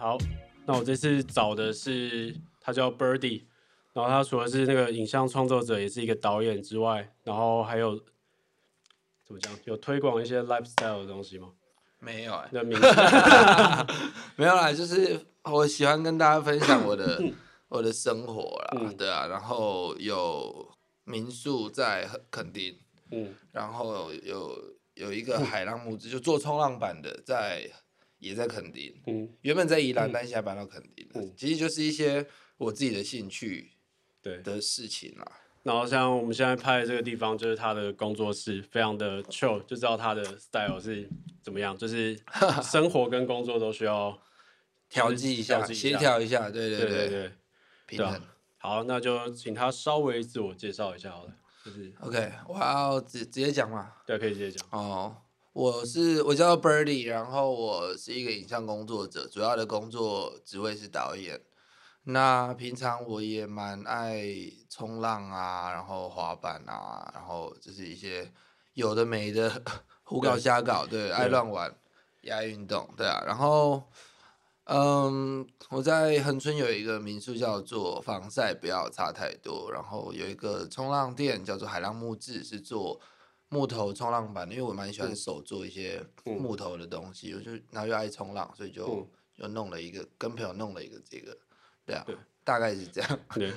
好，那我這次找的是他叫 Birdy，然後他除了是那個影像創作者，也是一個導演之外，然後還有怎麼講？有推廣一些 lifestyle 的東西嗎？沒有哎、欸， 沒有啦，就是我喜歡跟大家分享我的 我的生活啦，嗯、對啊，然後有民宿在墾丁。嗯，然後有有一個海浪木製，就做衝浪板的在。也在墾丁，嗯，原本在宜蘭，但現在搬到墾丁。其實就是一些我自己的興趣，對的事情啦、啊。然後像我們現在拍的這個地方，就是他的工作室，非常的 chill，就知道他的 style 是怎麼樣。就是生活跟工作都需要調劑一下，協 調一,一,一下。對對對對，對，對，平對、啊、好，那就請他稍微自我介紹一下好了。就是 OK，我要直直接講嘛。對，可以直接講。哦、oh.。我是我叫 Birdy，然後我是一個影像工作者，主要的工作職位是導演。那平常我也蠻愛衝浪啊，然後滑板啊，然後就是一些有的沒的，呵呵胡搞瞎搞，對對，對，愛亂玩，也愛運動，對啊。然後，嗯，我在恆春有一個民宿叫做防曬，不要差太多。然後有一個衝浪店叫做海浪木製，是做。木頭衝浪板，因為我蠻喜歡手做一些木頭的東西，嗯嗯、我就然後又愛衝浪，所以就又、嗯、弄了一個，跟朋友弄了一個這個，對啊，對，大概是這樣，對，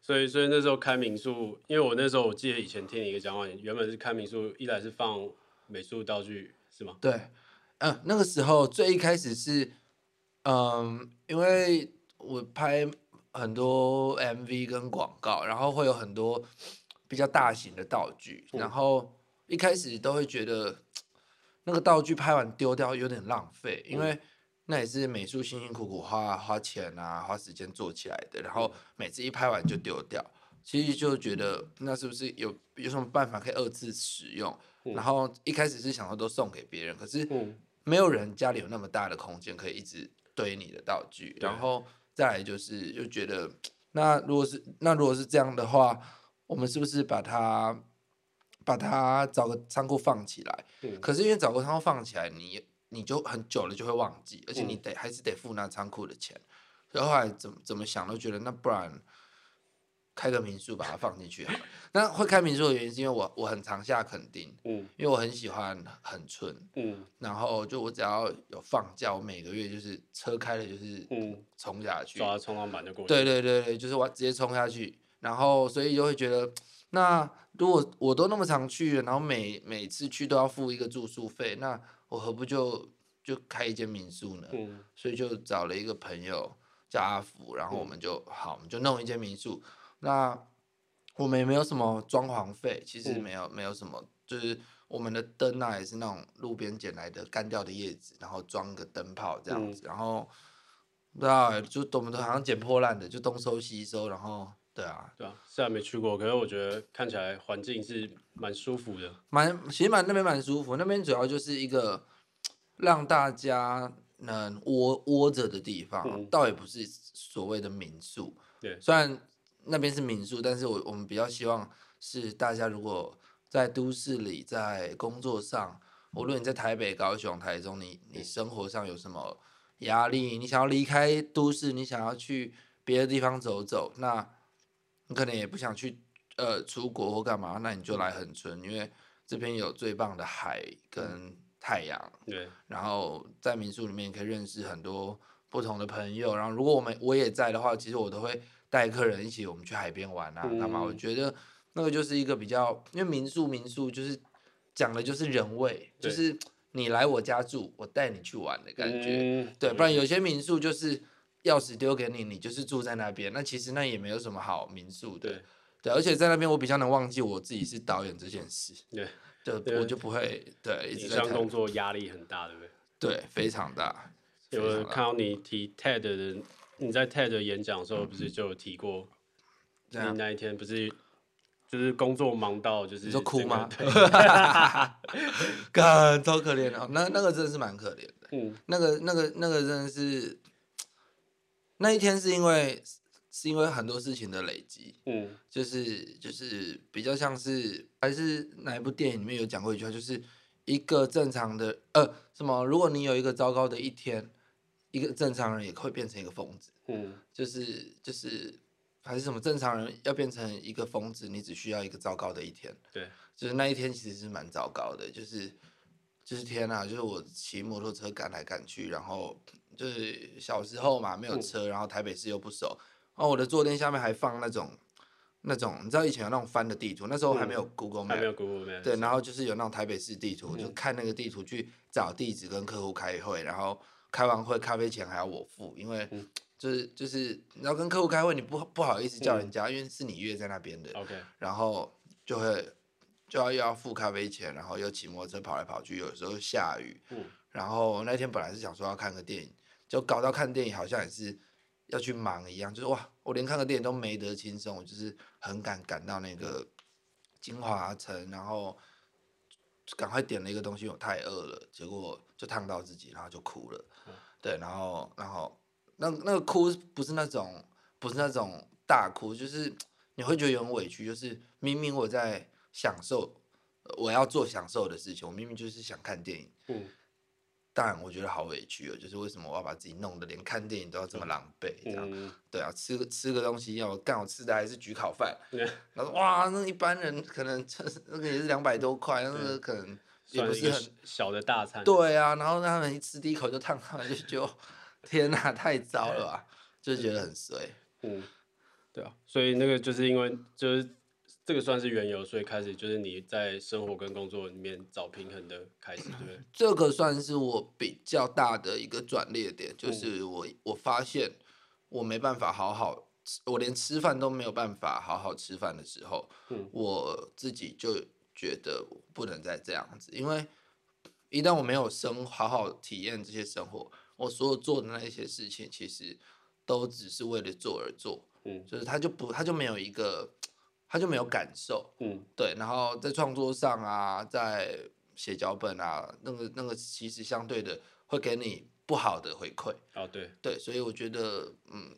所以所以那時候開民宿，因為我那時候我記得以前聽你一個講話，原本是開民宿，一來是放美術道具，是嗎？對，嗯，那個時候最一開始是，嗯，因為我拍很多 MV 跟廣告，然後會有很多。比較大型的道具，然後一開始都會覺得那個道具拍完丟掉有點浪費，因為那也是美術辛辛苦苦花花錢啊、花時間做起來的。然後每次一拍完就丟掉，其實就覺得那是不是有有什麼辦法可以二次使用？然後一開始是想要都送給別人，可是沒有人家裡有那麼大的空間可以一直堆你的道具。然後再來就是就覺得那如果是那如果是這樣的話。我們是不是把它把它找個倉庫放起來、嗯？可是因為找個倉庫放起來，你你就很久了就會忘記，而且你得、嗯、還是得付那倉庫的錢。然後後來怎怎麼想都覺得，那不然開個民宿把它放進去好了。 那會開民宿的原因是因為我我很常下墾丁，嗯，因為我很喜歡很純、嗯，然後就我只要有放假，我每個月就是車開了就、嗯的的對對對對，就是嗯衝下去，抓衝浪板就過去，對對對，就是我直接衝下去。然後，所以就會覺得，那如果我都那麼常去，然後每每次去都要付一個住宿費，那我何不就就開一間民宿呢、嗯？所以就找了一個朋友叫阿福，然後我們就、嗯、好，我們就弄一間民宿。那我們也沒有什麼裝潢費，其實沒有、嗯、沒有什麼，就是我們的燈啊也是那種路邊撿來的乾掉的葉子，然後裝個燈泡這樣子，嗯、然後不知道就我們都好像撿破爛的，就東收西收，然後。對啊，對啊，雖然沒去過，可是我覺得看起來環境是蠻舒服的，蠻其實蠻那邊蠻舒服，那邊主要就是一個讓大家能窩窩着的地方、嗯，倒也不是所謂的民宿。對、嗯，雖然那邊是民宿，但是我我們比較希望是大家如果在都市裡，在工作上，無論你在台北、高雄、台中，你你生活上有什麼壓力，你想要離開都市，你想要去別的地方走走，那。可能也不想去，呃，出國或幹嘛，那你就來恆春，因為這邊有最棒的海跟太陽。嗯、對，然後在民宿裡面也可以認識很多不同的朋友。然後如果我們我也在的話，其實我都會帶客人一起，我們去海邊玩啊，幹、嗯、嘛、啊？我覺得那個就是一個比較，因為民宿民宿就是講的就是人味，就是你來我家住，我帶你去玩的感覺。嗯、對，不然有些民宿就是。鑰匙丟給你，你就是住在那邊。那其實那也沒有什麼好民宿的，對，對，而且在那邊我比較能忘記我自己是導演這件事，對，就我就不會對。一直這樣工作壓力很大，對不對？對，非常大。有看到你提 TED 的，嗯、你在 TED 的演講的時候不是就有提過嗯嗯？你那一天不是就是工作忙到就是？你說哭嗎？這個、 幹，超可憐的、哦，那那個真的是蠻可憐的。嗯，那個那個那個真的是。那一天是因為是因為很多事情的累積，嗯，就是就是比較像是還是哪一部電影裡面有講過一句話，就是一個正常的呃什麼，如果你有一個糟糕的一天，一個正常人也會變成一個瘋子，嗯，就是就是還是什麼正常人要變成一個瘋子，你只需要一個糟糕的一天，對，就是那一天其實是蠻糟糕的，就是就是天啊，就是我騎摩托車趕來趕去，然後。就是小時候嘛，沒有車，嗯，然後台北市又不熟。哦，我的坐墊下面還放那種那種，你知道以前有那種翻的地圖，那時候還沒有 Google map，沒有 Google map，對，然後就是有那種台北市地圖，嗯，就看那個地圖去找地址跟客戶開會，然後開完會咖啡錢還要我付，因為就是、嗯、就是你要跟客戶開會，你不不好意思叫人家，嗯、因為是你約在那邊的。OK、嗯。然後就會就要又要付咖啡錢，然後又騎摩托車跑來跑去，有時候下雨。嗯、然後那天本來是想說要看個電影。就搞到看電影好像也是要去忙一樣，就是哇，我連看個電影都沒得輕鬆，我就是很趕，趕到那個京華城，然後趕快點了一個東西，我太餓了，結果就燙到自己，然後就哭了。對，然後然後那那個哭不是那種，不是那種大哭，就是你會覺得有委屈，就是明明我在享受，我要做享受的事情，我明明就是想看電影。嗯但我覺得好委屈哦，就是為什麼我要把自己弄得連看電影都要這麼狼狽、嗯、這樣？對啊，吃個吃個東西要更好吃的還是焗烤飯，他、嗯、說哇，那一般人可能那個也是兩百多塊，但、那、是、個、可能也不是、嗯、算很小的大餐是是。對啊，然後他們一吃第一口就燙，他、嗯、們就就天哪、啊，太糟了啊，嗯、就是覺得很衰嗯。嗯，對啊，所以那個就是因為就是。這個算是緣由，所以開始就是你在生活跟工作裡面找平衡的開始，對，對這個算是我比較大的一個轉捩點，就是我、嗯、我發現我沒辦法好好，我連吃飯都沒有辦法好好吃飯的時候，嗯、我自己就覺得我不能再這樣子，因為一旦我沒有生好好體驗這些生活，我所有做的那些事情其實都只是為了做而做，嗯，就是他就不他就沒有一個。他就沒有感受，嗯，對，然後在創作上啊，在寫腳本啊，那個那個其實相對的會給你不好的回饋啊，對，對，所以我覺得，嗯，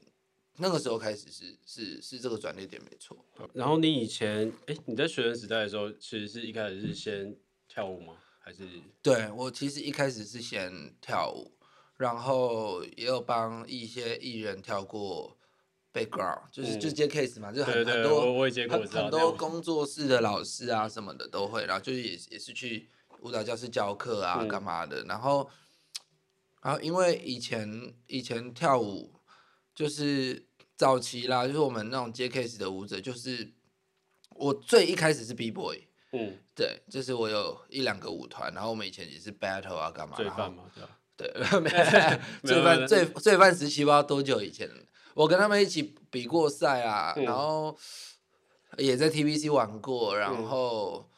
那個時候開始是是是這個轉捩點沒錯。然後你以前，哎、欸，你在學生時代的時候，其實是一開始是先跳舞嗎？嗯、還是？對，我其實一開始是先跳舞，然後也有幫一些藝人跳過。Background 就是、嗯、就接 case 嘛，就是很很多，對對對，很多工作室的老師啊什麼的都會，然後就是也也是去舞蹈教室教課啊幹嘛的，然後然後因為以前以前跳舞，就是早期啦，就是我們那種接 case 的舞者，就是我最一開始是 B-boy，、嗯、對，就是我有一兩個舞團，然後我們以前也是 battle 啊幹嘛，嘛然對，罪、欸、犯罪罪犯時期不知道多久以前，我跟他們一起比過賽啊，嗯、然後也在 TVC 玩過，然後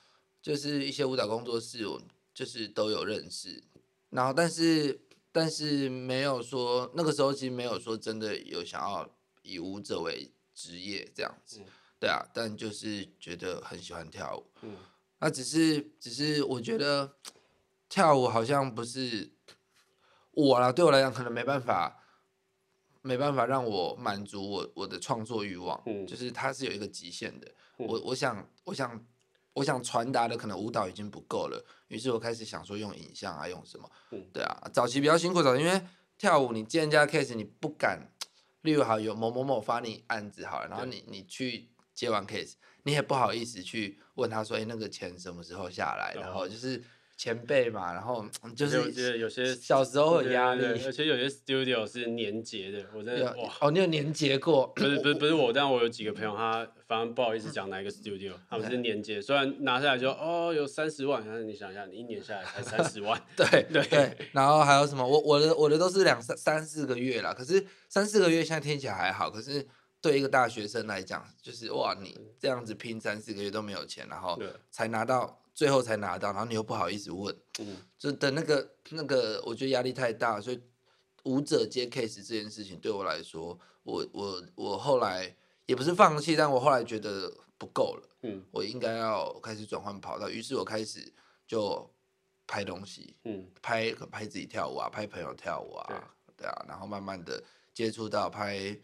就是一些舞蹈工作室，我就是都有認識。然後，但是但是沒有說那個時候其實沒有說真的有想要以舞者為職業這樣子。嗯、對啊，但就是覺得很喜歡跳舞。嗯，那、啊、只是只是我覺得跳舞好像不是。我啦，對我來講可能沒辦法，沒辦法讓我滿足我我的創作欲望、嗯，就是它是有一個極限的。嗯、我我想我想我想傳達的可能舞蹈已經不夠了，於是我開始想說用影像啊，用什麼？嗯、對啊，早期比較辛苦，早期，因為跳舞你接人家 case 你不敢，例如好有某某某發你案子好了，然後你你去接完 case，你也不好意思去問他說，說、欸、哎那個錢什麼時候下來，然後就是。前輩嘛，然後就是有些有些小時候的壓力，對對對，而且有些 studio 是年結的。我真的哇，哦，你有年結過？不是不是不是我，我，但我有幾個朋友，他反正不好意思講哪一個 studio，嗯、他們是年結。雖然拿下來就哦有三十萬，但是你想一下，你一年下來才三十萬，對對對，對。然後還有什麼？我我的我的都是兩三三四個月啦。可是三四個月現在聽起來還好，可是對一個大學生來講，就是哇，你這樣子拼三四個月都沒有錢，然後才拿到。最後才拿到，然後你又不好意思問，嗯，就等那個那個，那個，我覺得壓力太大，所以舞者接 case 這件事情對我來說，我我我後來也不是放棄，但我後來覺得不夠了，嗯，我應該要開始轉換跑道，於是我開始就拍東西，嗯，拍拍自己跳舞啊，拍朋友跳舞啊，對,對啊，然後慢慢的接觸到拍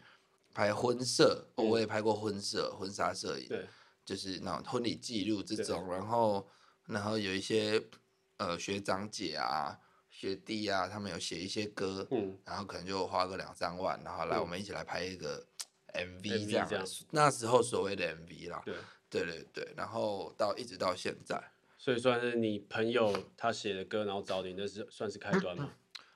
拍婚攝，嗯，我也拍過婚攝，婚紗攝影，對，就是那種婚禮記錄這種，然後。然後有一些，呃，學長姐啊，學弟啊，他們有寫一些歌、嗯，然後可能就花個兩三萬，然後來我們一起來拍一個 MV 這樣、啊嗯，那時候所謂的 MV 啦，對對對，然後到一直到現在，所以算是你朋友他寫的歌，然後找的你，那是算是開端嗎？嗯，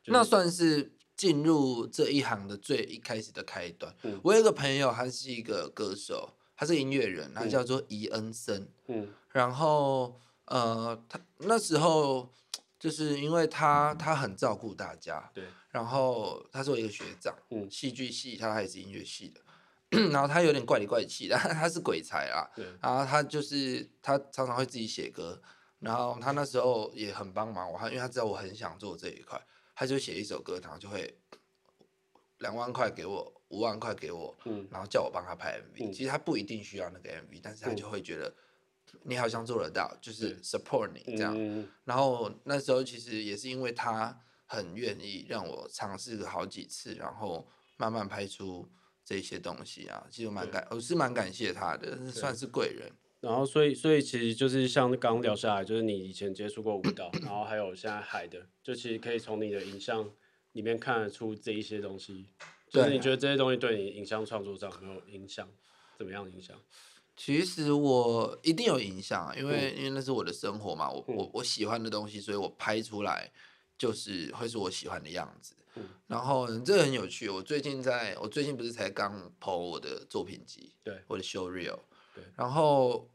就是、那算是進入這一行的最一開始的開端。嗯、我有一個朋友，他是一個歌手，嗯、他是音樂人、嗯，他叫做伊恩森，嗯，然後。呃，他那時候就是因為他、嗯、他很照顧大家，對。然後他作為一個學長，嗯，戲劇系，他還是音樂系的。 然後他有點怪裡怪氣的，他是鬼才啦。對。然後他就是他常常會自己寫歌，然後他那時候也很幫忙我，他因為他知道我很想做這一塊，他就寫一首歌，然後就會兩萬塊給我，五萬塊給我，嗯，然後叫我幫他拍 MV、嗯。其實他不一定需要那個 MV，但是他就會覺得。嗯你好像做得到，就是 support 你這樣、嗯。然後那時候其實也是因為他很願意讓我嘗試好幾次，然後慢慢拍出這些東西啊，其實蠻感，我、哦、是蠻感謝他的，是算是貴人。然後所以所以其實就是像剛聊下來、嗯，就是你以前接觸過舞蹈咳咳，然後還有現在海的，就其實可以從你的影像裡面看得出這一些東西。就是你覺得這些東西對你影像創作上有沒有影響？怎麼樣影響？其實我一定有影響，因為因為那是我的生活嘛，我我我喜歡的東西，所以我拍出來就是會是我喜歡的樣子。然後這個很有趣，我最近在我最近不是才剛 po 我的作品集，對，我的 show reel，對，然後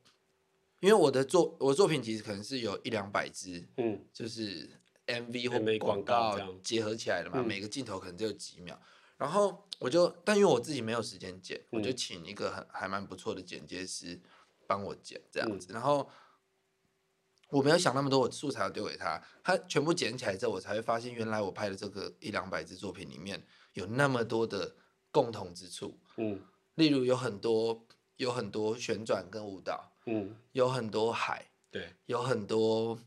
因為我的作我的作品集可能是有一兩百支，嗯，就是 MV 或廣告結合起來的嘛，每個鏡頭可能只有幾秒。然後我就，但因為我自己沒有時間剪，嗯、我就請一個很還蠻不錯的剪接師幫我剪，這樣子。嗯、然後我沒有想那麼多，我素材要丟給他，他全部剪起來之後，我才會發現原來我拍的這個一兩百支作品裡面有那麼多的共同之處。嗯、例如有很多有很多旋轉跟舞蹈，嗯，有很多海，對，有很多。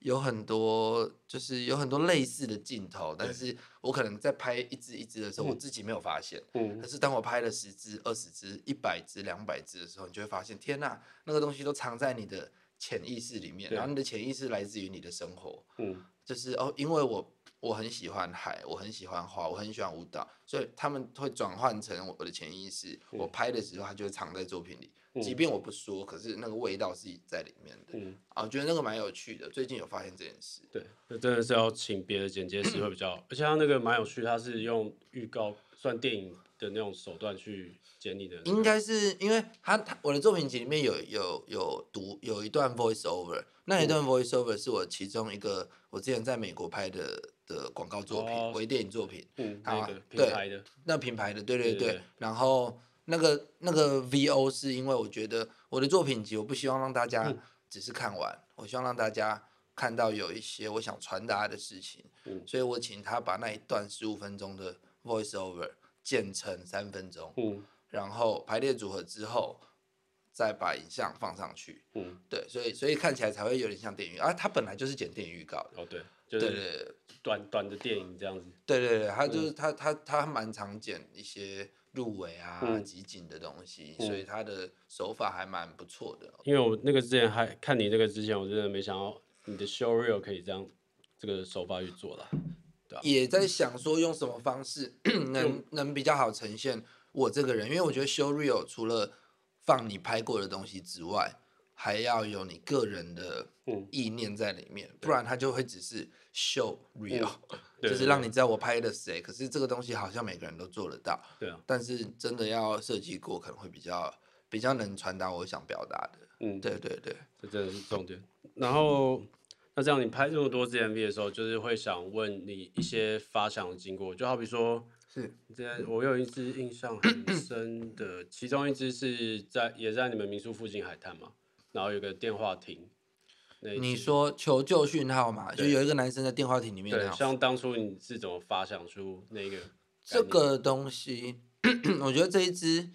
有很多，就是有很多類似的鏡頭，但是我可能在拍一支一支的時候，嗯、我自己沒有發現。可是，嗯，當我拍了十支、二十支、一百支、兩百支的時候，你就會發現，天吶、啊，那個東西都藏在你的潛意識裡面。嗯、然後你的潛意識來自於你的生活。嗯、就是哦，因為我我很喜歡海，我很喜歡花，我很喜歡舞蹈，所以他們會轉換成我的潛意識、嗯。我拍的時候，它就會藏在作品裡。即便我不說、嗯，可是那個味道是在裡面的、嗯、啊，我覺得那個蠻有趣的。最近有發現這件事，對，那真的是要請別的剪接師會比較。 而且他那個蠻有趣，他是用預告算電影的那種手段去剪你的。應該是因為他他我的作品集裡面有有有，有讀有一段 voice over，、嗯、那一段 voice over 是我其中一個我之前在美國拍的的廣告作品，微、哦、電影作品，嗯，啊、那個，對，那品牌的對對對，對對，然後。那個那個 VO 是因為我覺得我的作品集，我不希望讓大家只是看完、嗯，我希望讓大家看到有一些我想傳達的事情、嗯，所以我請他把那一段十五分鐘的 voiceover 剪成三分鐘、嗯，然後排列組合之後再把影像放上去，嗯，對，所以所以看起來才會有點像電影啊，他本來就是剪電影預告的，哦對，就是、對，對對，短短的電影這樣子，對對對，他就是、嗯、他他他蠻常剪一些。入圍啊，嗯、集錦的東西、嗯，所以他的手法還蠻不錯的、哦。因為我那個之前還看你這個之前，我真的沒想到你的 show reel 可以這樣這個手法去做了，對、啊、也在想說用什麼方式 能、嗯、能比較好呈現我這個人，因為我覺得 show reel 除了放你拍過的東西之外，還要有你個人的意念在裡面，嗯、不然他就會只是。Show real、嗯、對對對，就是讓你知道我拍了誰，對對對。可是這個東西好像每個人都做得到，對啊。但是真的要設計過，可能會比較比較能傳達我想表達的。嗯，對對對，這真的是重點、嗯。然後，那這樣你拍這麼多支 MV 的時候，就是會想問你一些發想的經過，就好比說，是今天我有一支印象很深的， 其中一支是在也在你們民宿附近海灘嘛，然後有個電話亭。你說求救訊號嘛，就有一個男生在電話亭裡面。對，像當初你是怎麼發想出那個？這個東西， 我覺得這一支，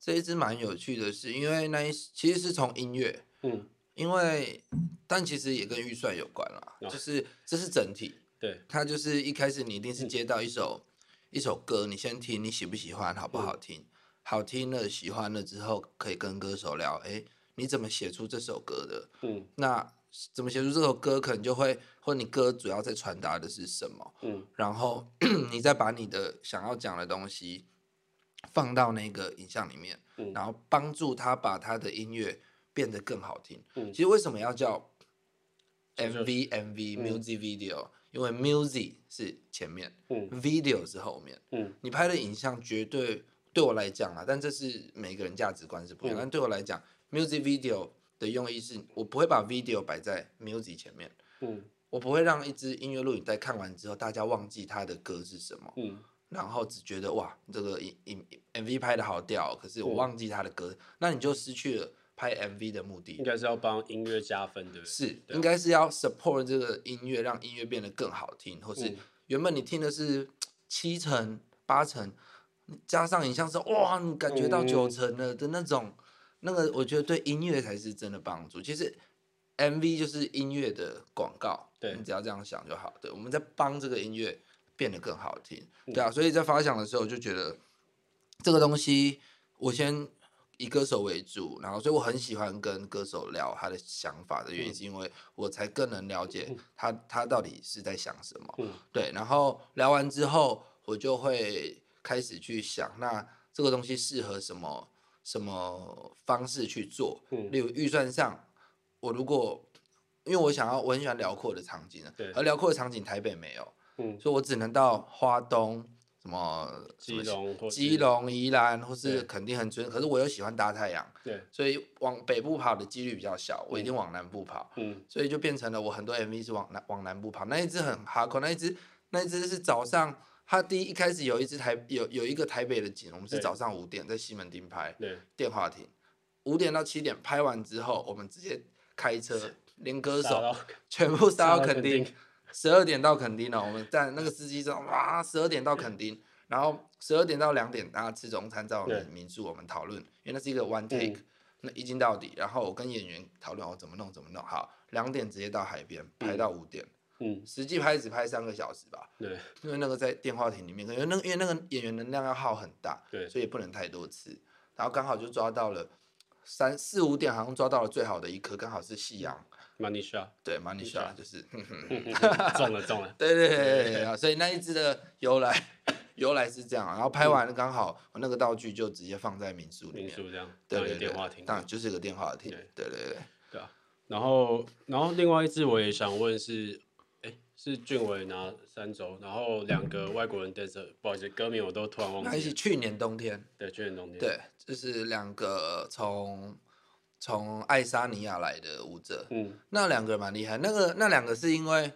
這一支蠻有趣的是，因為那一其實是從音樂、嗯，因為但其實也跟預算有關啦、啊，就是這是整體，對，他就是一開始你一定是接到一首、嗯、一首歌，你先聽，你喜不喜歡，好不好聽？嗯、好聽了，喜歡了之後可以跟歌手聊，哎、欸，你怎麼寫出這首歌的？嗯，那。怎麼寫出這首歌，可能就會或你歌主要在傳達的是什麼，嗯，然後 你再把你的想要講的東西放到那個影像裡面，嗯，然後幫助他把他的音樂變得更好聽，嗯，其實為什麼要叫 MV、就是、MV、嗯、music video？因為 music 是前面，嗯，video 是後面，嗯，你拍的影像絕對對我來講啦、啊，但這是每個人價值觀是不一樣、嗯，但對我來講，music video。的用意是我不會把 video 擺在 music 前面，嗯，我不會讓一支音樂錄影帶看完之後，大家忘記它的歌是什麼，嗯，然後只覺得哇，這個音音 MV 拍的好屌，哦，可是我忘記它的歌，嗯，那你就失去了拍 MV 的目的。應該是要幫音樂加分，對不對？是，應該是要 support 這個音樂，讓音樂變得更好聽，或是原本你聽的是七成八成，加上影像是哇，你感覺到九成了的那種。嗯那個我覺得對音樂才是真的幫助。其實，MV 就是音樂的廣告，對，你只要這樣想就好。對，我們在幫這個音樂變得更好聽，嗯、對啊。所以在發想的時候，我就覺得這個東西，我先以歌手為主，然後所以我很喜歡跟歌手聊他的想法的原因，嗯、是因為我才更能了解他他到底是在想什麼？嗯、對，然後聊完之後，我就會開始去想，那這個東西適合什麼。什麼方式去做？嗯、例如預算上，我如果因為我想要，我很喜歡遼闊的場景了，對，而遼闊的場景台北沒有、嗯，所以我只能到花東什麼、基隆、基隆、宜蘭，或是肯定很準。可是我又喜歡大太陽，所以往北部跑的幾率比較小、嗯，我一定往南部跑。嗯，所以就變成了我很多 MV 是往往南部跑。嗯，那一只很 hardcore，可能那一只那一只是早上。他第一一開始有一只台有有一個台北的景，我們是早上五點在西門町拍，對電話亭，五點到七點拍完之後，我們直接開車，連歌手全部殺到墾丁，十二點到墾丁了、喔，我們在那個司機說哇十二點到墾丁，然後十二點到兩點大家吃中餐在我們民宿我們討論，因為那是一個 one take，、嗯、那一鏡到底，然後我跟演員討論我怎麼弄怎麼弄，好兩點直接到海邊拍到五點。嗯嗯，實際拍只拍三個小時吧。對，因為那個在電話亭裡面，可能那個、因為那個演員能量要耗很大，對，所以也不能太多次。然後剛好就抓到了三四五點，好像抓到了最好的一顆，剛好是夕陽。Manisha。對，Manisha 就是中、嗯嗯嗯嗯嗯嗯、了，中 了，了。對對對啊！所以那一支的由來由來是這樣。然後拍完了剛好、嗯、我那個道具就直接放在民宿裡面。民宿這樣。對，對對，電話亭，當然就是一個電話亭。對對對對，對，對啊！然後然後另外一支我也想問是。 是俊偉拿三週，然後兩個外國人帶着，不好意思，歌名我都突然忘記了。還是去年冬天，對，去年冬天，對，就是兩個從從愛沙尼亞來的舞者，嗯，那兩個人蠻厲害。那個那兩個是因為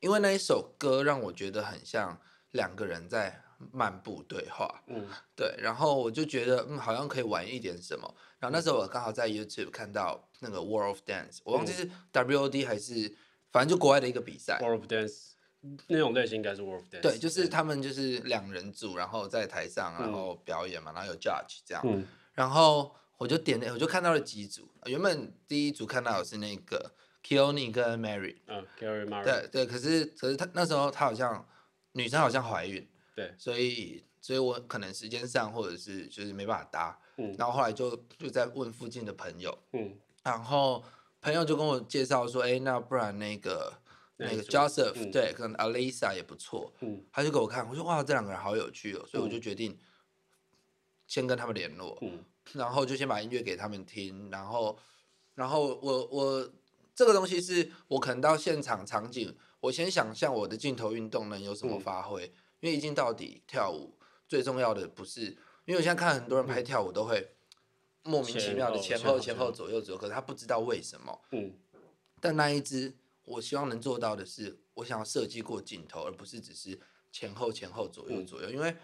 因為那一首歌讓我覺得很像兩個人在漫步對話，嗯，對，然後我就覺得嗯好像可以玩一點什麼。然後那時候我剛好在 YouTube 看到那個 World of Dance，、嗯、我忘記是 WOD 還是。反正就國外的一個比賽，World of Dance，那種類型應該是 World of Dance，對，對，就是他們就是兩人組，然後在台上、嗯、然後表演嘛，然後有 judge 這樣。嗯、然後我就點那，我就看到了幾組。原本第一組看到的是那個、嗯、Keone 跟 Mari。Keone Mari 對對，可是可是他那時候他好像女生好像懷孕。對。所以所以我可能時間上或者是就是沒辦法搭。嗯、然後後來就就在問附近的朋友。嗯、然後。朋友就跟我介紹說：“誒、欸，那不然那個那個 Joseph、嗯、對跟 Alisa 也不錯。”嗯，他就給我看，我說：“哇，這兩個人好有趣哦、喔！”所以我就決定先跟他們聯絡、嗯，然後就先把音樂給他們聽，然後，然後我我這個東西是我可能到現場場景，我先想象我的鏡頭運動能有什麼發揮、嗯，因為一鏡到底跳舞最重要的不是，因為我現在看很多人拍跳舞、嗯、都會，莫名其妙的前後前後左右左右，可是他不知道為什麼。嗯、但那一隻，我希望能做到的是，我想要設計過鏡頭，而不是只是前後前後左右左右，嗯、因為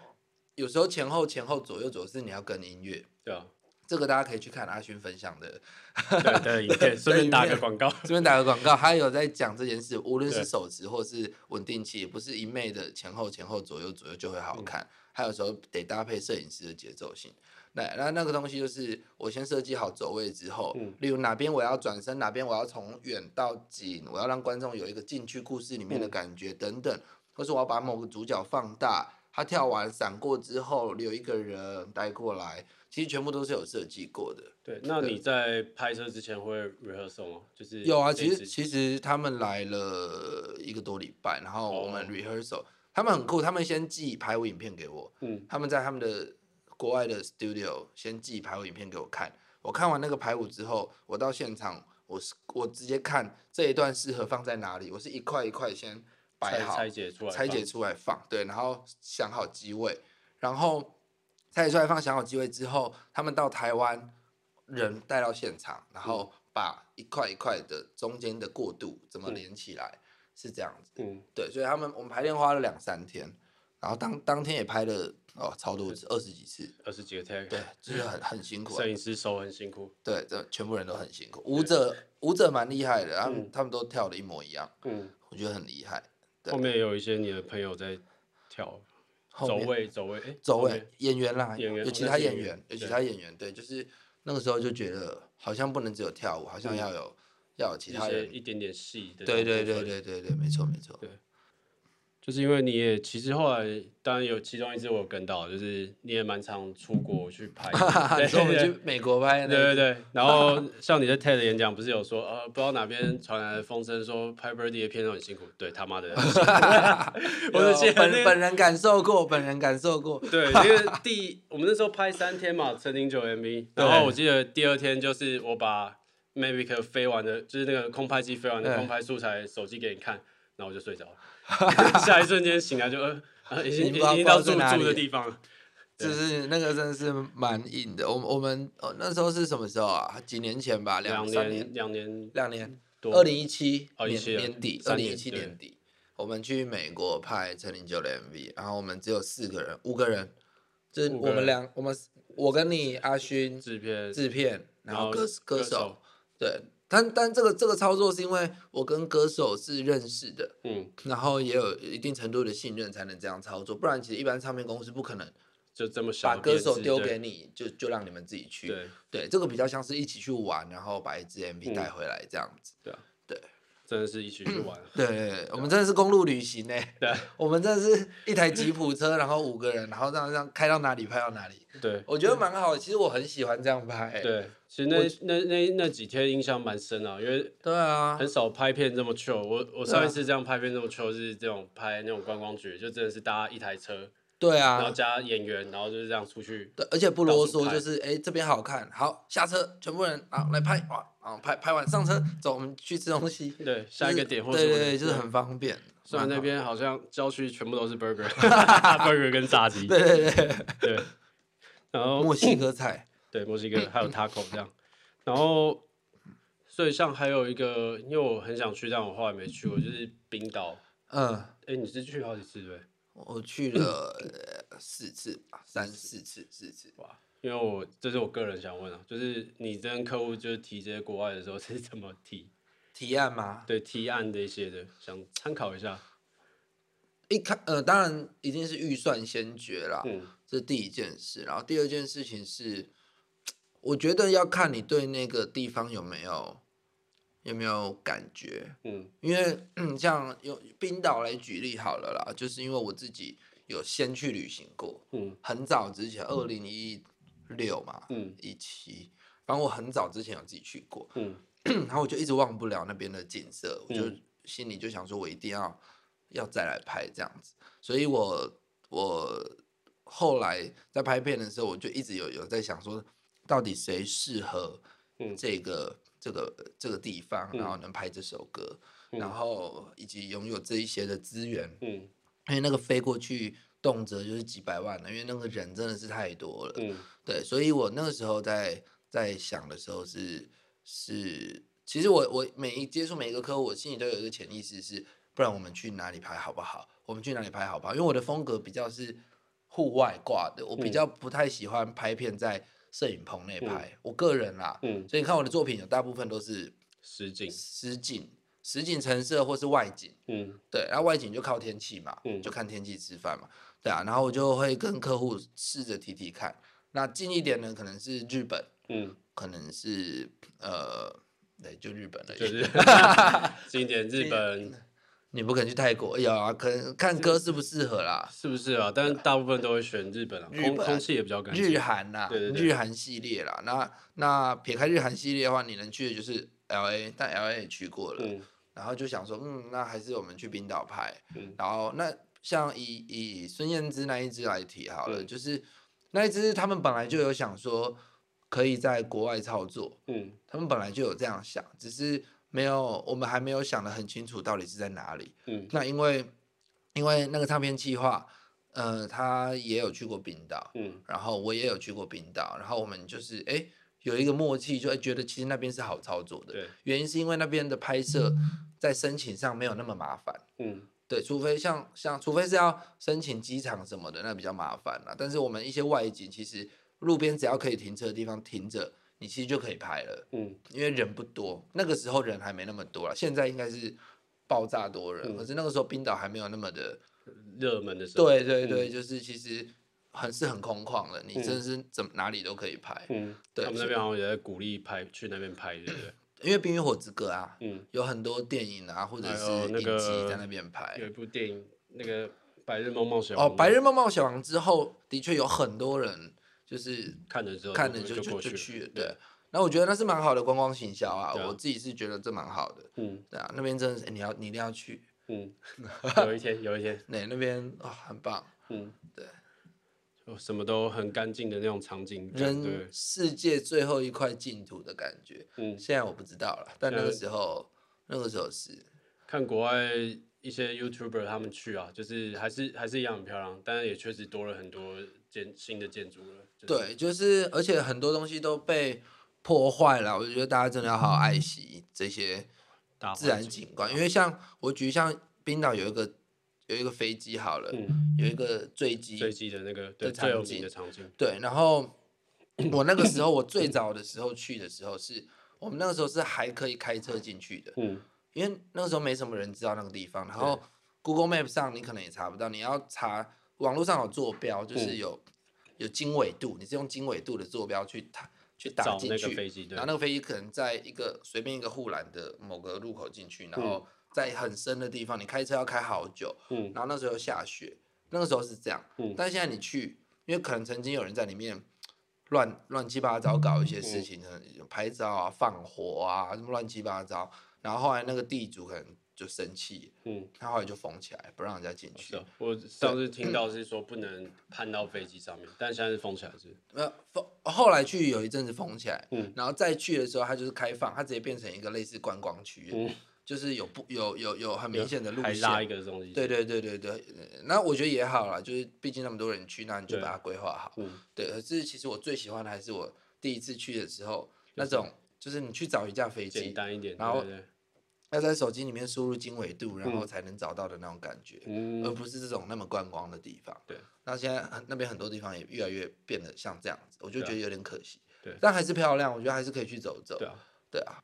有時候前後前後左右左右是你要跟音樂。嗯。對啊。這個大家可以去看阿勳分享的。對對對，這 邊打個廣告，這邊打個廣告，他有在講這件事，無論是手持或是穩定器，對，不是一昧的前後前後左右左右就會好看，嗯、還有時候得搭配攝影師的節奏性。那那那個東西就是我先設計好走位之後，嗯、例如哪邊我要轉身，哪邊我要從遠到近，我要讓觀眾有一個進去故事裡面的感覺，嗯、等等，或是我要把某個主角放大，他跳完閃過之後留一個人帶過來。其實全部都是有設計過的，對。對，那你在拍攝之前會 rehearsal 嗎？就是有啊，其實其實他們來了一個多禮拜，然後我們 rehearsal，、哦、他們很酷、嗯，他們先寄排舞影片給我。嗯，他們在他們的國外的 studio 先寄排舞影片給我看。我看完那個排舞之後，我到現場，我是我直接看這一段適合放在哪裡，我是一塊一塊先擺好，拆解出來，拆解出來放。對，然後想好機位，然後。拍攝出來放香港機會之後，他們到台灣人帶到現場，然後把一塊一塊的中間的過渡怎麼連起來，是，是這樣子。嗯，對，所以他們我們排練花了兩三天，然後當當天也拍了哦超多次二十幾次，二十幾個 take。對，就是很很辛苦，攝影師手很辛苦，對，這全部人都很辛苦。舞者舞者蠻厲害的，他們、嗯、他們都跳的一模一樣，嗯，我覺得很厲害。對，後面有一些你的朋友在跳。走位，走位，哎，走位，演員啦、啊，演員，有其他演員，哦、演員有其他演員對，對，就是那個時候就覺得好像不能只有跳舞，好像要有，要有其他人一,一點點戲，對，對，對，對，對，對，對，沒錯，沒錯，對。就是因為你也其實後來當然有其中一支我有跟到，就是你也蠻常出國去拍，對，對，對， 我們去美國拍，對對對。然後像你在 TED 演講不是有說， 呃，不知道哪邊傳來的風聲說拍 Birdy 的片都很辛苦，對他媽的 有，我的本 本人感受過，本人感受過。對，因為第 我們那時候拍三天嘛，陳零九 MV，然後我記得第二天就是我把 Mavic 可飛完的，就是那個空拍機飛完的空拍素材 手機給你看，然後我就睡着了。 下一瞬間醒來就已經已經到住住的地方了，就是那個真的是蠻硬的。我我們、哦、那時候是什麼時候啊？幾年前吧，兩年兩年兩年，二零一七年年，年、哦、17，年底，二零一七年底，我們去美國拍陳零九的 MV，然後我們只有四個人，五個人，就是我們兩，我們我跟你阿勳製片製片，然後歌然後歌手，歌手對。但但這個這個操作是因為我跟歌手是認識的，嗯，然後也有一定程度的信任才能這樣操作，不然其實一般唱片公司不可能就這麼想把歌手丟給你，就就讓你們自己去。對，對，這個比較像是一起去玩，然後把一支 MV 帶回來這樣子。嗯，對。真的是一起去玩， 對，對，對，對，我們真的是公路旅行呢、欸。對、啊，我們真的是一台吉普車， 然後五個人，然後這樣這樣開到哪裡拍到哪裡。對，我覺得蠻好，其實我很喜歡這樣拍、欸。對，其實那那那那幾天印象蠻深啊，因為對啊，很少拍片這麼 chill。我我上一次這樣拍片這麼 chill、啊、是這種拍那種觀光局，就真的是搭一台車。對啊，然後加演員，然後就是這樣出去。對，而且不囉嗦，就是哎、欸、這邊好看，好，下車，全部人然後來拍哇，啊拍，拍完上車走，我們去吃東西。對，下一個點或對對，對，就是很方便。雖然、就是嗯、那邊好，好像郊區全部都是 burger，burger、 啊、 burger 跟炸雞。 對對對，對，然後墨西哥菜，對墨西哥還有 taco 這樣。 然後，所以像還有一個，因為我很想去，但我後來沒去過，我就是冰島。嗯，哎、欸，你是去好幾次對？我去了，嗯呃、四次吧，三四次，四次，四次。哇，因為我這是我個人想問啊，就是你跟客戶就是提這些國外的時候是怎麼提？提案嗎？對，提案這些的，想參考一下。一看，呃，當然一定是預算先決啦，嗯，這是第一件事。然後第二件事情是，我覺得要看你對那個地方有沒有。有沒有感覺？嗯，因為、嗯、像用冰島來舉例好了啦，就是因為我自己有先去旅行過，嗯，很早之前，二零一六嘛，嗯，一七。然後我很早之前有自己去過，嗯，然後我就一直忘不了那邊的景色，嗯，我就心裡就想說，我一定要要再來拍這樣子，所以我我後來在拍片的時候，我就一直有有在想說，到底誰適合這個。嗯這個這個地方，然後能拍這首歌，嗯，然後以及擁有這一些的資源，嗯，因為那個飛過去動輒就是幾百萬了，因為那個人真的是太多了，嗯，對，所以我那個時候在在想的時候是是，其實我我每一接觸每一個客戶，我心裡都有一個潛意識是，不然我們去哪裡拍好不好？我們去哪裡拍好不好？因為我的風格比較是戶外掛的，我比較不太喜歡拍片在。嗯攝影棚內拍、嗯，我個人啦、啊嗯，所以你看我的作品，有大部分都是實景、實景、實景成色，或是外景。嗯，對，然後外景就靠天氣嘛、嗯，就看天氣吃飯嘛，對啊。然後我就會跟客戶試着提提看，那近一點呢？可能是日本，嗯，可能是呃，對，就日本的，就是 近一點日本、嗯。你不可能去泰國，哎、嗯、呀、啊，可能看歌適不適合啦，是，是不是啊？但是大部分都會選日本啦、啊呃，空空氣也比較乾淨，日韓啦、日韓、啊、系列啦。那那撇開日韓系列的話，你能去的就是 L A，但 L A 也去過了、嗯，然後就想說，嗯，那還是我們去冰島拍、嗯。然後那像以以孫燕姿那一支來提好了，嗯、就是那一支他們本來就有想說可以在國外操作，嗯，他們本來就有這樣想，只是。沒有，我們還沒有想得很清楚，到底是在哪裡。嗯，那因為，因為那個唱片計劃，呃，他也有去過冰島，嗯，然後我也有去過冰島，然後我們就是，哎、欸，有一個默契就，就、欸、哎覺得其實那邊是好操作的。原因是因為那邊的拍攝在申請上沒有那麼麻煩。嗯，對，除非像像，除非是要申請機場什麼的，那比較麻煩啦。但是我們一些外景，其實路邊只要可以停車的地方停着。你其實就可以拍了，嗯，因為人不多，那個時候人還沒那麼多了。現在應該是爆炸多人，可、嗯、是那個時候冰島還沒有那麼的熱門的時候。對對對，嗯、就是其實很是很空曠的，你真的是怎麼、嗯、哪裡都可以拍。嗯，對，他們那邊好像也在鼓勵拍，去那邊拍，對不對？因為《冰與火之歌》啊，嗯，有很多電影啊，或者是影集在那邊拍，那個、拍。有一部電影，嗯、那個白日夢冒冒冒險王、哦《白日夢冒險王哦，《白日夢冒險王之後，的確有很多人。就是看了之後，看了就就就，就，就去了對。那我覺得那是蠻好的觀光行銷啊，啊，我自己是覺得這蠻好的。嗯，對啊，那邊真的是、欸、你要你一定要去。嗯， 有一些有一些，那那邊、哦、很棒。嗯，對，什麼都很乾淨的那種場景，人對世界最後一塊淨土的感覺。嗯，現在我不知道了，但那個時候、嗯、那個時候是看國外一些 YouTuber 他們去啊，就是還是還是一樣很漂亮，但是也確實多了很多。建新的建築了、就是，對，就是，而且很多東西都被破壞了。我覺得大家真的要好好愛惜這些自然景觀，因為像我舉像冰島有一個有一個飛機好了，嗯、有一個墜機墜機的那個對的場景，場景對，然後我那個時候我最早的時候去的時候是，是 我們那個時候是還可以開車進去的、嗯，因為那個時候沒什麼人知道那個地方，然後 Google Map 上你可能也查不到，你要查。網絡上有坐標，就是有、嗯、有經緯度，你是用經緯度的坐標去打去打進去，然後那個飛機可能在一個隨便一個護欄的某個路口進去，然後在很深的地方，你開車要開好久。嗯。然後那時候下雪，嗯、那個時候是這樣。嗯。但現在你去，因為可能曾經有人在裡面亂亂七八糟搞一些事情，嗯嗯、可能有拍照啊、放火啊，什麼亂七八糟。然後後來那個地主可能。就生氣，嗯，他後來就封起來，不讓人家進去、嗯。我上次聽到是說不能攀到飛機上面、嗯，但現在是封起來，是？那封後來去有一陣子封起來，嗯，然後再去的時候，它就是開放，它直接變成一個類似觀光區，嗯，就是有不有有有很明顯的路線，還拉一個東西。對對對對對，那我覺得也好啦，就是畢竟那麼多人去，那你就把它規劃好，嗯，對。可是其實我最喜歡的還是我第一次去的時候，就是、那種就是你去找一架飛機，簡單一點，然後。對對對要在手機裡面輸入經緯度，然後才能找到的那種感覺、嗯，而不是這種那麼觀光的地方。對，那現在那邊很多地方也越來越變得像這樣子，我就覺得有點可惜。對，但還是漂亮，我覺得還是可以去走走。對啊，對啊。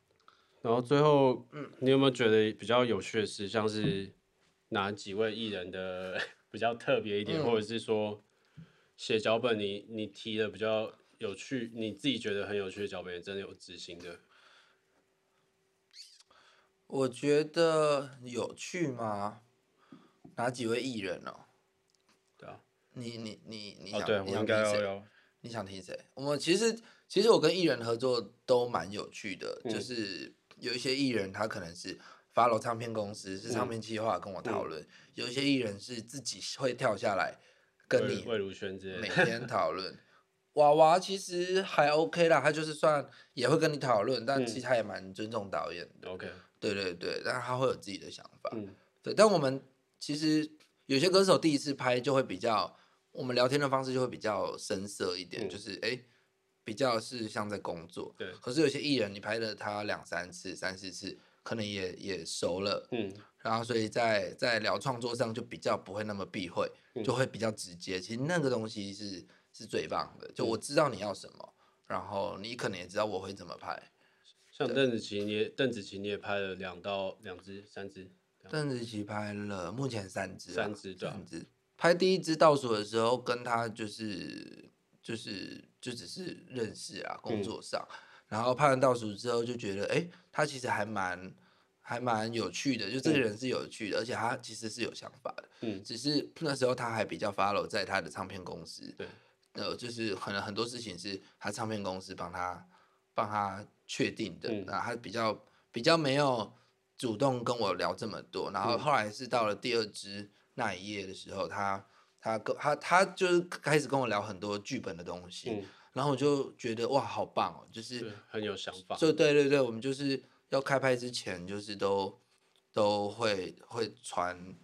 然後最後，嗯，你有沒有覺得比較有趣的事？像是哪、嗯、幾位藝人的比較特別一點、嗯，或者是說寫腳本你你提的比較有趣，你自己覺得很有趣的腳本，真的有執行的？我覺得有趣嗎？哪幾位藝人哦、喔？對啊，你你你你想？Oh、你想對你，我應該要要要你想聽誰？我們其實其實我跟藝人合作都蠻有趣的、嗯，就是有一些藝人他可能是發來唱片公司、嗯、是唱片計劃跟我討論、嗯，有一些藝人是自己會跳下來跟你每天討論。魏如萱之類的。 娃娃其實還 OK 啦，他就是算也會跟你討論，但其實他也蠻尊重導演的。嗯、OK。對對對，但他會有自己的想法、嗯。對，但我們其實有些歌手第一次拍就會比較，我們聊天的方式就會比較生澀一點，嗯、就是哎，比較是像在工作。對、嗯，可是有些藝人，你拍了他兩三次、三四次，可能也也熟了。嗯，然後所以在在聊創作上就比較不會那麼避諱，嗯、就會比較直接。其實那個東西是是最棒的，就我知道你要什麼、嗯，然後你可能也知道我會怎麼拍。像鄧紫棋，你也鄧紫棋，你也拍了兩到兩支、三支。鄧紫棋拍了目前三支、啊。三支對、啊。三支。拍第一支倒數的時候，跟他就是就是就只是認識啊，工作上。嗯、然後拍完倒數之後，就覺得哎、欸，他其實還蠻還蠻有趣的、嗯，就這個人是有趣的、嗯，而且他其實是有想法的。嗯。只是那時候他還比較 follow 在他的唱片公司。對。呃，就是可能很多事情是他唱片公司幫他。幫他確定的、嗯，那他比較比較沒有主動跟我聊這麼多，然後後來是到了第二支那一頁的時候，嗯、他他跟他他就是開始跟我聊很多劇本的東西、嗯，然後我就覺得哇，好棒哦、喔，就是很有想法。就對對對，我們就是要開拍之前就是都都會會傳，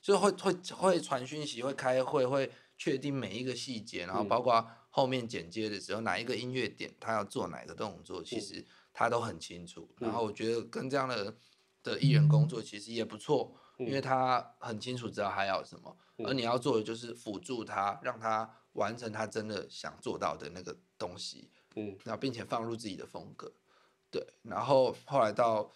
就會會會傳訊息，會開會，會確定每一個細節，然後包括。後面剪接的時候，哪一個音樂點他要做哪一個動作，其實他都很清楚。嗯，然後我覺得跟這樣的的藝人工作其實也不錯，嗯，因為他很清楚知道他要什麼，嗯，而你要做的就是輔助他，讓他完成他真的想做到的那個東西。嗯，然後並且放入自己的風格。對，然後後來到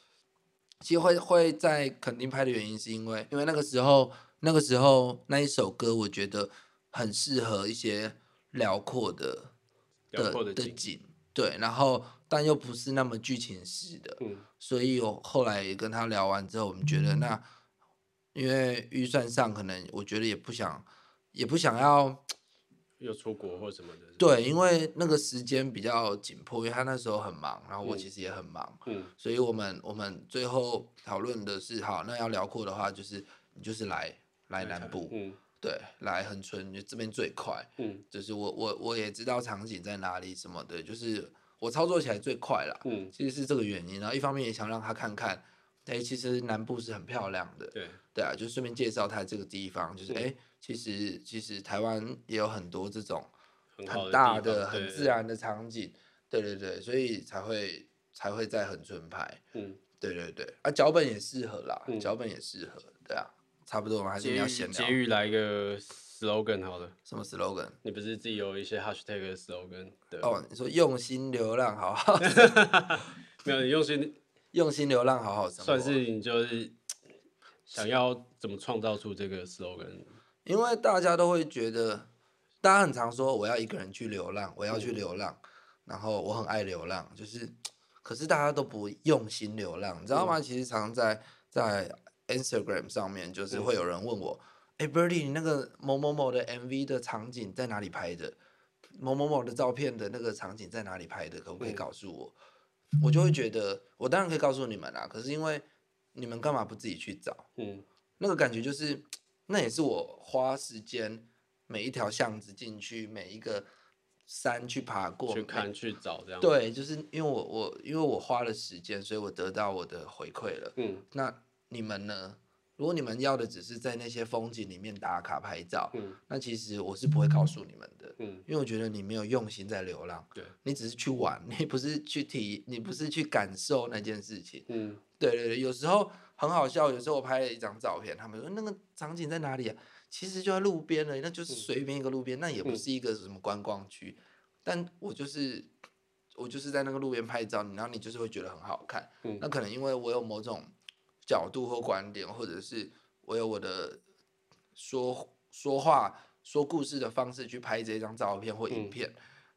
其實會會在肯定拍的原因是因為，因為那個時候那個時候那一首歌我覺得很適合一些。遼闊的，的的景，的景，對，然後但又不是那麼劇情式的、嗯，所以我後來也跟他聊完之後，我們覺得那，嗯、因為預算上可能我覺得也不想，也不想要，要出國或什麼的，對、嗯，因為那個時間比較緊迫，因為他那時候很忙，然後我其實也很忙，嗯嗯、所以我們我們最後討論的是，好，那要遼闊的話、就是，就是你就是來來南部，嗯嗯對，來恆春就這邊最快，嗯，就是我我我也知道場景在哪裡什麼的，就是我操作起來最快啦，嗯，其實是這個原因。然後一方面也想讓他看看，哎、欸，其實南部是很漂亮的，對，對啊，就順便介紹他這個地方，就是哎、嗯欸，其實其實台灣也有很多這種很大的，很的，很自然的場景，對對對，所以才會才會在恆春拍，嗯，對對對，啊，腳本也適合啦，腳、嗯、本也適合，對啊。差不多嗎，還是你要閒聊。捷裕來一個 slogan 好了。什麼 slogan？你不是自己有一些 hashtag slogan 的 slogan？哦，oh, 你說用心流浪好好，好。 沒有，你用心用心流浪，好好。算是你就是想要怎麼創造出這個 slogan？因為大家都會覺得，大家很常說我要一個人去流浪，我要去流浪，嗯、然後我很愛流浪，就是，可是大家都不用心流浪，你知道嗎？嗯、其實常在在。Instagram 上面就是會有人問我：“哎、嗯欸、，Birdy，你那個某某某的 MV 的場景在哪裡拍的？某某某的照片的那個場景在哪裡拍的？可不可以告訴我、嗯？”我就會覺得，我當然可以告訴你們啦、啊。可是因為你們幹嘛不自己去找？嗯，那個感覺就是，那也是我花時間每一條巷子進去，每一個山去爬過，去看去找這樣。對，就是因為我我因為我花了時間，所以我得到我的回饋了。嗯，那。你們呢？如果你們要的只是在那些風景裡面打卡拍照，嗯、那其實我是不會告訴你們的、嗯，因為我覺得你沒有用心在流浪，對你只是去玩，你不是去體，你不是去感受那件事情、嗯。對對對，有時候很好笑，有時候我拍了一張照片，他們說那個場景在哪裡啊？其實就在路邊呢，那就是隨便一個路邊、嗯，那也不是一個什麼觀光區、嗯，但我就是我就是在那個路邊拍照，然後你就是會覺得很好看，嗯、那可能因為我有某種。角度或觀點，或者是我有我的說說話說故事的方式去拍這一張照片或影片、嗯。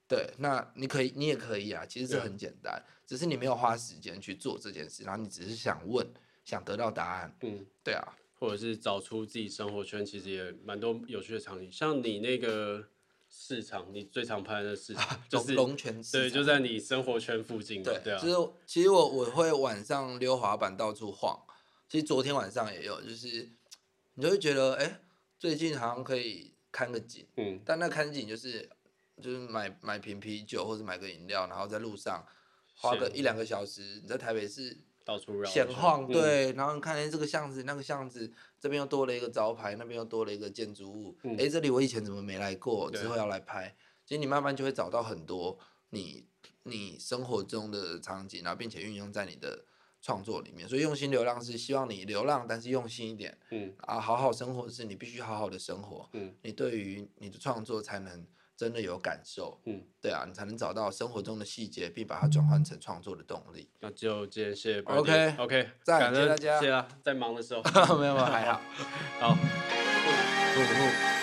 對，那你可以，你也可以啊。其實這很簡單、嗯，只是你沒有花時間去做這件事，然後你只是想問，想得到答案。嗯，對啊，或者是找出自己生活圈，其實也蠻多有趣的場景。像你那個市場，你最常拍的市場、啊、就是龍泉市場，對，就在你生活圈附近，對，對啊，就是、其實我我會晚上溜滑板到處晃。其實昨天晚上也有，就是你就會覺得，哎，最近好像可以看個景，嗯，但那看景就是，就是買買瓶啤酒或者買個飲料，然後在路上花個一兩個小時，你在台北市到處閒晃，晃，對，嗯，然後你看哎，這個巷子那個巷子，這邊又多了一個招牌，那邊又多了一個建築物，哎，嗯，這裡我以前怎麼沒來過？之後要來拍，其實你慢慢就會找到很多你你生活中的場景，然後並且運用在你的。創作裡面，所以用心流浪是希望你流浪，但是用心一點。嗯啊，好好生活是你必須好好的生活。嗯，你對於你的創作才能真的有感受。嗯，對啊，你才能找到生活中的細節，並把它轉換成創作的動力。那就謝謝天。OK OK，再感謝大家，謝謝啊，在忙的時候 沒有吧？還好， 好。